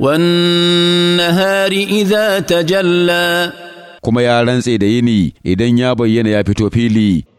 والنهار إذا تجلى kuma ya rantse da yini idan ya bayyana ya fito fili